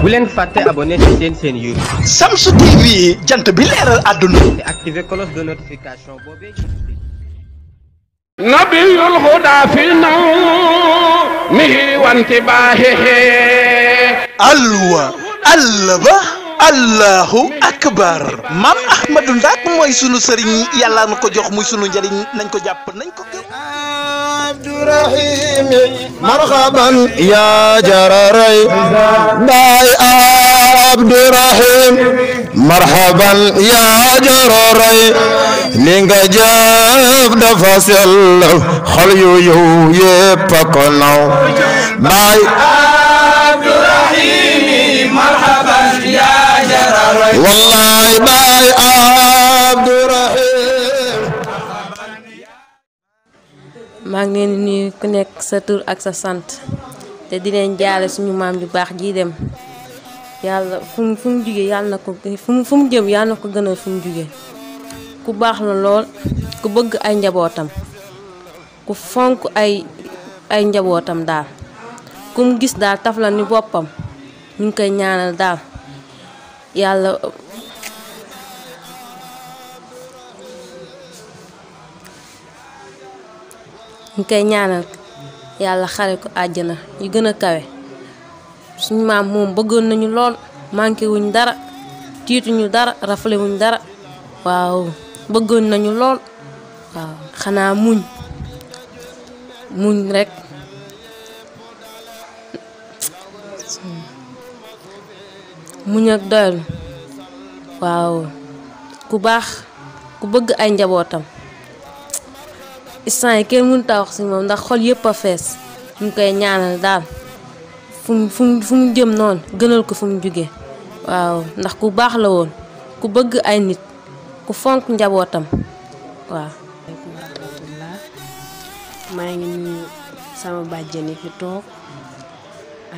bu leen fàtte abonné ci seen seen YouTube Shamsu jant bi leeral àdduna te activer cloche de notification boobee nabiyul huda fi naw mihi wanti baahihi alwa allaba allahu akbar maam ahmadou ndak mooy sunu sëriñ yàlla na ko jox muy sunu njariñ nañ ko jàpp nañ ko gëm عبد الرحيم مرحبا يا جراري باي عبد الرحيم مرحبا يا جرري لينغا جاب دفاسل خليو يو يبقناو باي عبد الرحيم مرحبا يا جراري والله باي عبد maa ngi leen di ku nekk sa tur ak sa sant te di leen jaale suñu maam ju baax jii dem yàlla fu mu fu mu jugee yàlla ko fu mu fu ko gënal fu mu ku baax la lool ku bëgg ay njabootam ku fonk ay ay njabootam daal kum gis daal taf la ni boppam ñu koy ñaanal daal yàlla ñu koy ñaanal yàlla xare ko àjjana yu gën a kawe suñu maam moom bëggoon nañu lool manqué wuñ dara tiituñu dara rafale dara waaw bëggoon nañu lool waaw xanaa muñ muñ rekk muñ ak doyal waaw ku baax ku bëgg ay njabootam instant yi kenn mënut a wax si moom ndax xol yëpp a fees ñu koy ñaanal daal fu mu fu mu jëm noonu gënal ko fu mu jóge waaw ndax ku baax la woon ku bëgg ay nit ku fonk njabootam waaw. waaleykum rahmatullah ngi nuyu sama bàjjen fi toog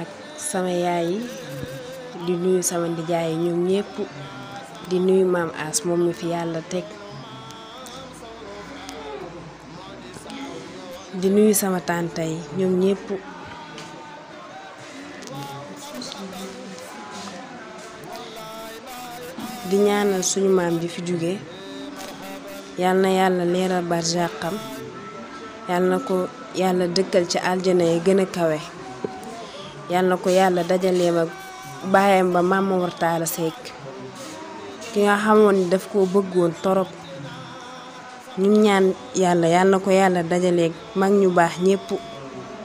ak sama yaay yi di nuyu sama ndijaay yi ñoom ñëpp di nuyu maam As moom mi fi yàlla teg. di nuyu sama tànta yi ñoom ñépp di ñaanal suñu maam ji fi jóge yal na yàlla leeral barjàqam yal na ko yàlla dëkkal ci aljana yi gën a kawe yal na ko yàlla dajaleem ak baayam ba Mame Mor Talla Seck ki nga xamoon ni daf koo bëggoon torop ñu ñaan yàlla yàlla na ko yàlla dajaleeg mag ñu baax ñépp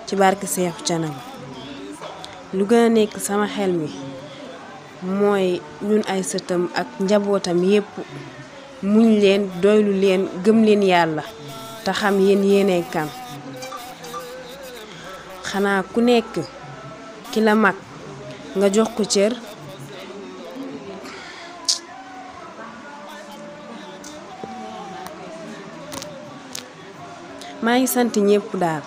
ci barke Seexu Canaba lu gën a nekk sama xel mi mooy ñun ay sëtam ak njabootam yépp muñ leen doylu leen gëm leen yàlla te xam yéen yéenay kan xanaa ku nekk ki la mag nga jox ko cër maa ngi sant ñëpp daal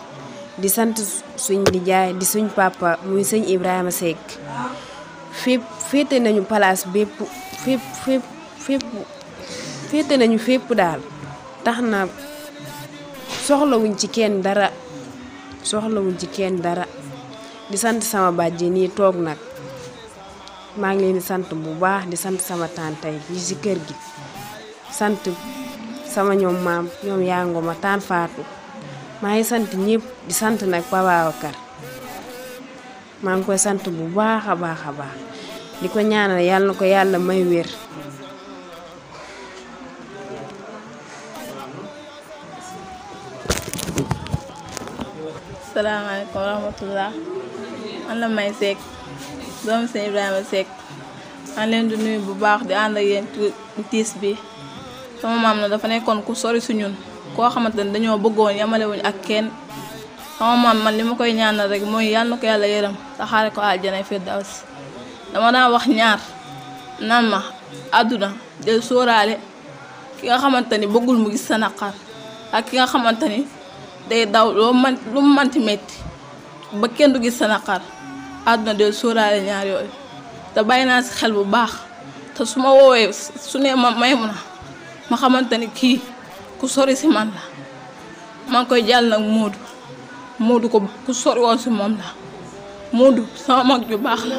di sant suñ jaay di suñ papa muy sëñ Ibrahima Seck fépp féete nañu place bépp fépp fépp fépp féete nañu fépp daal tax na soxlawuñ ci kenn dara soxlawuñ ci kenn dara di sant sama bàjji nii toog nag maa ngi leen di sant bu baax di sant sama tantay yi ci kër gi sant sama ñoom maam ñoom yaa ngoma tan faatu maa ngi sant ñépp di sant nag Papa Babacar maa ngi koy sant bu baax a baax a baax di ko ñaanal yàlla na ko yàlla may wér salaamaaleykum wa rahmatullah man la may Seck doomu sëñ Ibrahima Seck man leen di nuyu bu baax di ànd ak yéen tiis bi sama maam na dafa nekkoon ku sori su ñun koo xamante ne dañoo bëggoon yamalewuñ ak kenn sama maam man li ma koy ñaanal rek mooy yàlla ko yàlla yaram saxaare ko aljana firdaws dama daan wax ñaar naan ma àdduna del sóoraale ki nga xamante ni bëggul mu gis sa naqar ak ki nga xamante ni day daw loo man lu manti metti ba kenn du gis sa naqar àdduna del sóoraale ñaar yooyu te bàyyi naa si xel bu baax te su ma woowee su ne ma may mu na ma xamante kii ku sori si man la maa ngi koy jàll nag Moodu Moodu ko ku sori woon si moom la Moodu sama mag ju baax la.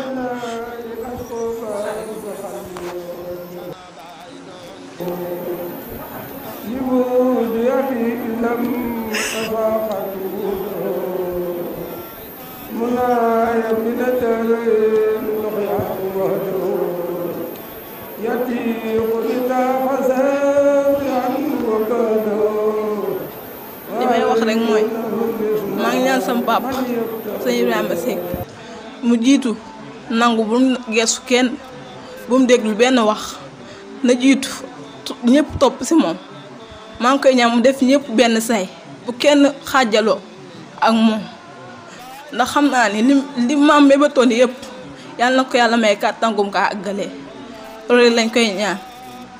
li may wax rek mooy maa ngi ñaan sama papa sëñ Ibrahima Seck mu jiitu nangu bu mu geesu kenn bu mu déglu benn wax na jiitu ñëpp topp si moom maa ngi koy ñaan mu def ñépp benn say bu kenn xaajaloo ak moom ndax xam naa ni li li maam mébatoon yëpp yàlla na ko yàlla may kàttangum kaa àggalee loolu lañ koy ñaan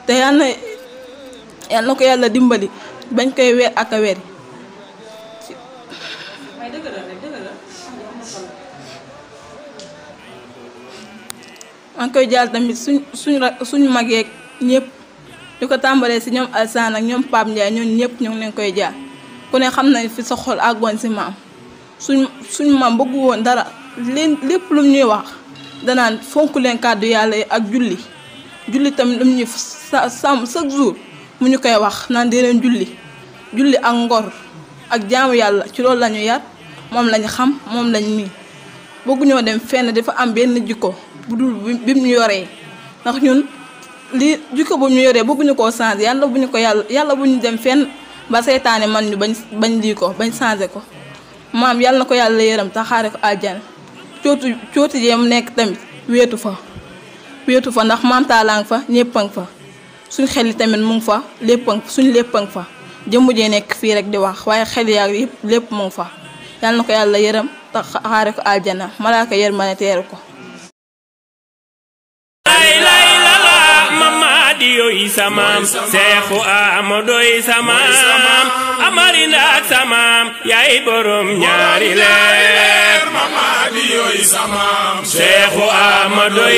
te yàlla yàlla na ko yàlla dimbali bañ koy weer ak a weer. maa ngi koy jaal tamit suñ suñu suñu mag yeeg ñëpp di ko tàmbalee si ñoom Alsaan ak ñoom Pape Ndiaye ñoom ñëpp ñu ngi leen koy jaal ku xam na fi sa xol àggoon si maam suñ suñu maam bëggu woon dara leen lépp lu ñuy wax danaan fonk leen kàddu yàlla ak julli julli tamit lu ñuy sàmm chaque jour. mu ñu koy wax naan di leen julli julli ak ngor ak jaamu yàlla ci loolu lañu ñu yar moom la xam moom lañ mii bëgguñoo dem fenn dafa am benn jikko bu dul bi mu ñu yoree ndax ñun li jikko bu ñu yoree bëgguñu ko changé yàlla bu ñu ko yàlla yàlla bu ñu dem fenn ba seytaane man ñu bañ bañ lii ko bañ changé ko maam yàlla na ko yàlla yërëm taxaare ko àjjana cootu cootu jee mu nekk tamit weetu fa weetu fa ndax maam taalaang fa ñëppang fa suñ xel yi tamit mu ngi fa lépp suñ lépp a ngi fa jëmm jee nekk fii rek di wax waaye xel yaa yëpp lépp mu ngi fa yàlla na ko yàlla yërëm te xaare ko aljana malaaka yër ma ne teeru ko yoy samaam seexu amadoy samaam amari ndaak samaam borom ñaari leer mamadi yoy samaam seexu amadoy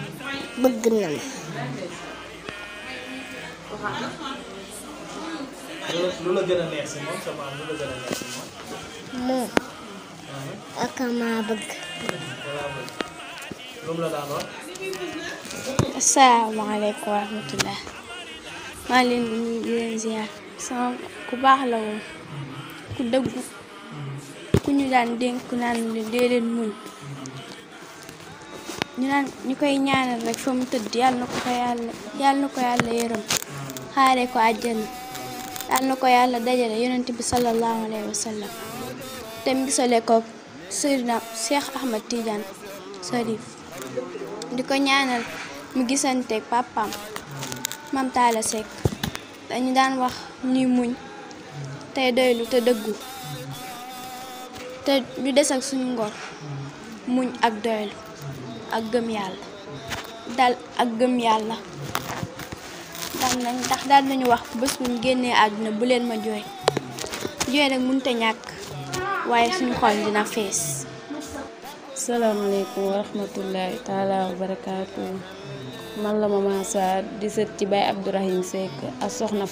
bëgg na ma. moom sa bëgg. lu mu la maa leen di leen ziar. sama ku baax la woon. ku dëggu. ku ñu daan dénk naan déedéet muñ. ñu naan ñu koy ñaanal rek fa mu tëdd yàlla ko ko yàlla na ko yàlla yërëm xaaree ko àjjana yàlla na ko yàlla dajale yonent bi sallallahu alayhi wa te mu gisalee ko Seydina Cheikh Ahmad Tidiane Sarif di ko ñaanal mu gisante pàppam Mam Talla dañu daan wax ñuy muñ tey doylu te dëggu te ñu des ak suñu ngor muñ ak doylu ak gëm dal ak gëm yàlla daan nañ tax dal nañ wax bés buñ génné aduna bu leen ma joy nak nag ta ñak waye suñu xol dina assalamu alaykum wa rahmatullahi taala wa barakatuh man la mama Sarr di sët ci Baye Abdourahim Seck ak soxna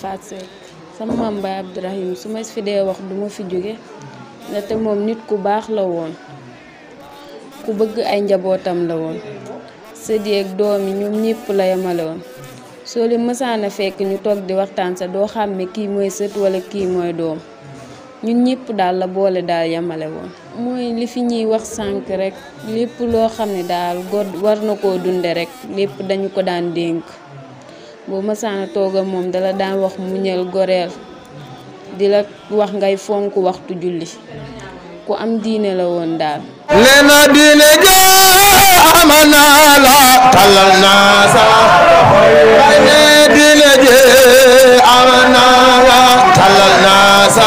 sama maam Baye Abdourahim su fi dee wax duma fi jóge ndaxte moom nit ku la ku bëgg ay njabootam la woon sët ak doom yi ñoom ñëpp la yemale woon soo leen mësaana fekk ñu toog di waxtaan sa doo xàmme kii mooy sët wala kii mooy doom ñun ñëpp daal la boole daal yemale woon mooy li fi ñuy wax sànk rekk lépp loo xam ne daal góor war na koo dunde rekk lépp dañu ko daan dénk boo mësaan a tooga moom dala daan wax mu muñal goreel di la wax ngay fonk waxtu julli ku am diine la woon daal دين جاء من على كل الناس دين جاء من على كل الناس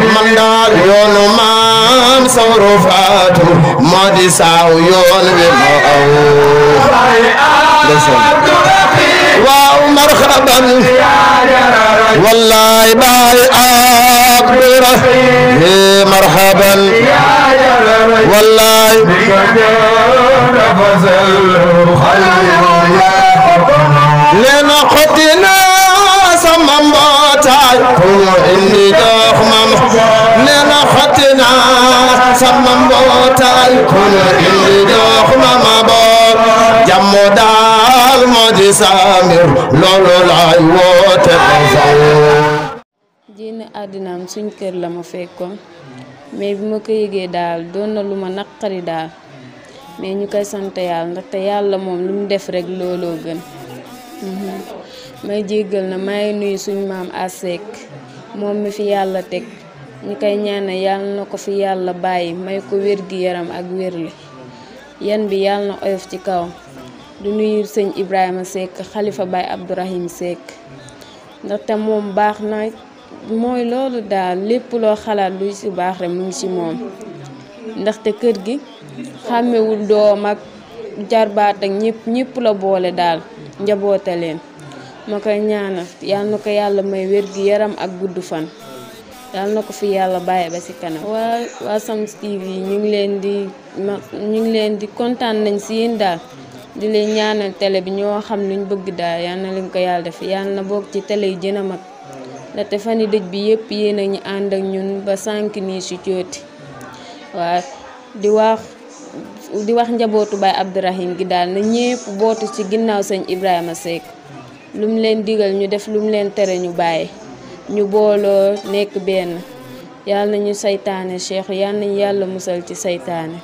من دار يوم ما صرفات ما دي ساو يوم بمعو واو مرحبا والله باي أكبر مرحبا والله لنا خطنا سما مباتاي إني دوخ مام لنا خطنا سما مباتاي إني دوخ مام بار جمو دال مجي سامر لولو لاي ووتر جين أدنام سنكر لما فيكم mais bi ma ko yëgee daal doon lu ma naqari daal mais ñu koy sant yàlla ndaxte yàlla moom lu mu def rek looloo gën mhm. may jéggal na may nuyu suñ maam Asek moom mi fi yàlla teg ñu koy ñaana yàlla na ko fi yàlla bàyyi may ko wér gi yaram ak wér wérle yan bi yàlla na oyof ci kaw du nuyu sëñ Ibrahima Seck xalifa Baye Abdourahim Seck ndaxte moom baax na mooy loolu daal lépp loo xalaat luy si baax rek mu ngi si moom ndaxte kër gi xàmmewul doom ak jarbaat ak ñëpp ñëpp la boole daal njaboote leen ma koy ñaanal yal na ko yàlla may wér gi yaram ak gudd fan yal na ko fi yàlla bàyyi ba si kanam. waa waa Sams TV ñu ngi leen di ma ñu ngi leen di kontaan nañ si yéen daal di leen ñaanal télé bi ñoo xam luñ bëgg daal yal na leen ko yàlla def yal na bokk ci télé yi gën a mag. ndaxte fani dëj bi yëpp yéen a ñu ànd ak ñun ba sànq nii si cooti waaw di wax di wax njabootu Baay Abdourahim gi daal na ñépp bootu ci ginnaaw sëñ Ibrahima Seck lu mu leen digal ñu def lu mu leen tere ñu bàyyi ñu booloo nekk benn yàlla nañu saytaane cheikh yàlla nañu yàlla musal ci saytaane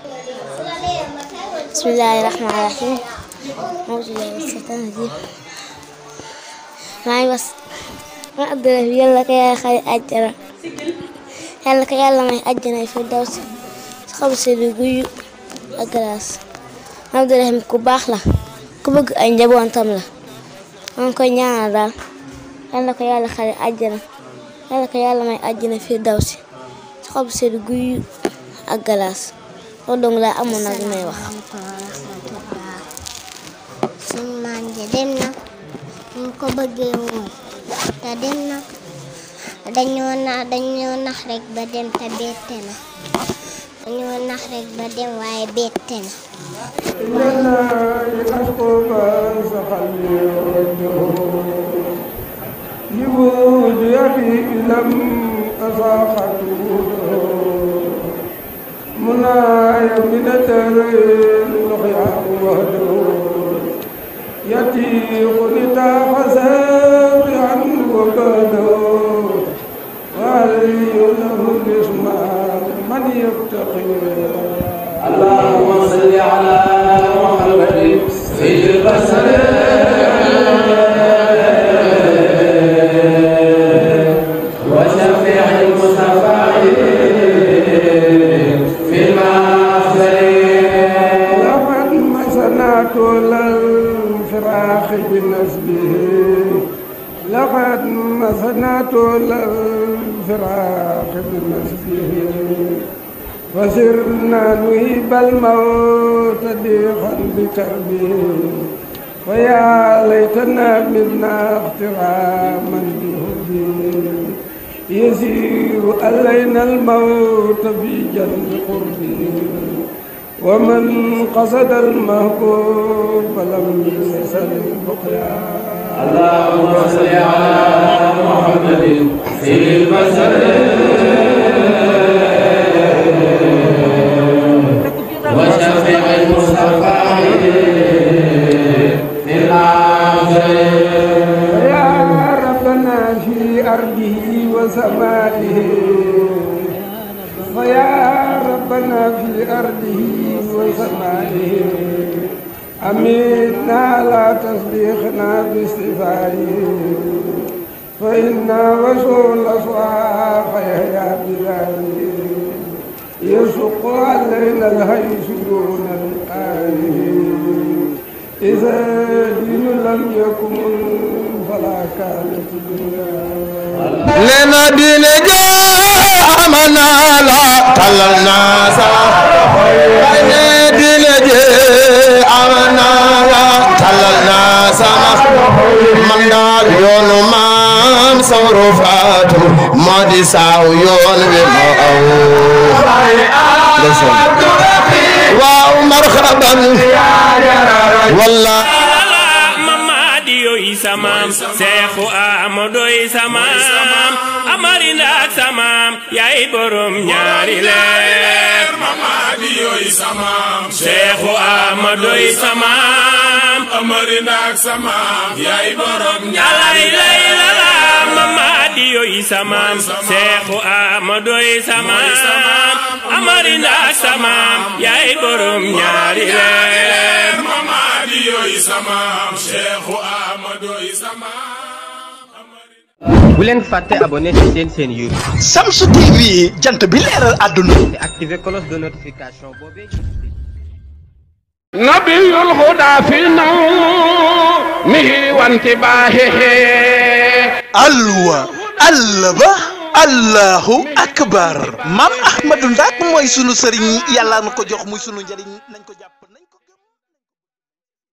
Ma yalla ka yaa khay ajra yalla ka yalla may ajna fi daws khamsa luguyu agras abdallah ku baax la ku bëgg ay njabootam la aan ko ñaanal yalla ka yalla khay ajra yalla ka yalla may ajna fi daws khamsa luguyu agras oo dong laa amoon may wax sunu maam ja dem na ko bëggee woon tadina dañoo na dañoo nax rek ba dem te bette na dañoo nax rek ba dem waaye bette na يبود يدي لم أصاحته منايا من ترين لخيا وهدو يتيق نتا حسن يتقيان الله الموت بقلب بكربي ويا ليتنا منا اغتراما بهدي يزيغ علينا الموت في جنب قربي ومن قصد المهبوب فلم يسل البقيا اللهم صل على محمد في المسجد وشفيع المصطفى في يا ربنا في أرضه وسمائه ويا ربنا في أرضه وسمائه أميتنا لا تصديقنا باستفائه فإنا رسول الأصحاب يهدى بذلك يشق علينا الهيش دون الآلهين إذا دين لم يكن فلا كانت دنيا لنا دين جاء من لا تلنا سا sawru faatu moo di saaw yoon wi moo aw waaw marhaban walla mamadi yoy samaam seexu amadoy samaam amari ndaak samaam yaay borom ñaari leen yooyu samaam Seexu Ahmadoy samaam amari ndaak samaam yaay borom ñaari lay lalaam mamadi yooyu samaam Seexu Ahmadoy samaam amari ndaak samaam yaay borom ñaari leer mamadi yooyu samaam Seexu Ahmadoy samaam bu leen fàtte abonné ci seen seen YouTube Shamsu TV jant bi leeral àdduna te activer cloche de notification boobee nabiyul huda fi naw mihi wanti baahihi alwa allaba akbar maam ahmadu ndaak mooy sunu sëriñ yàlla na ko jox muy sunu njëriñ nañ ko jàpp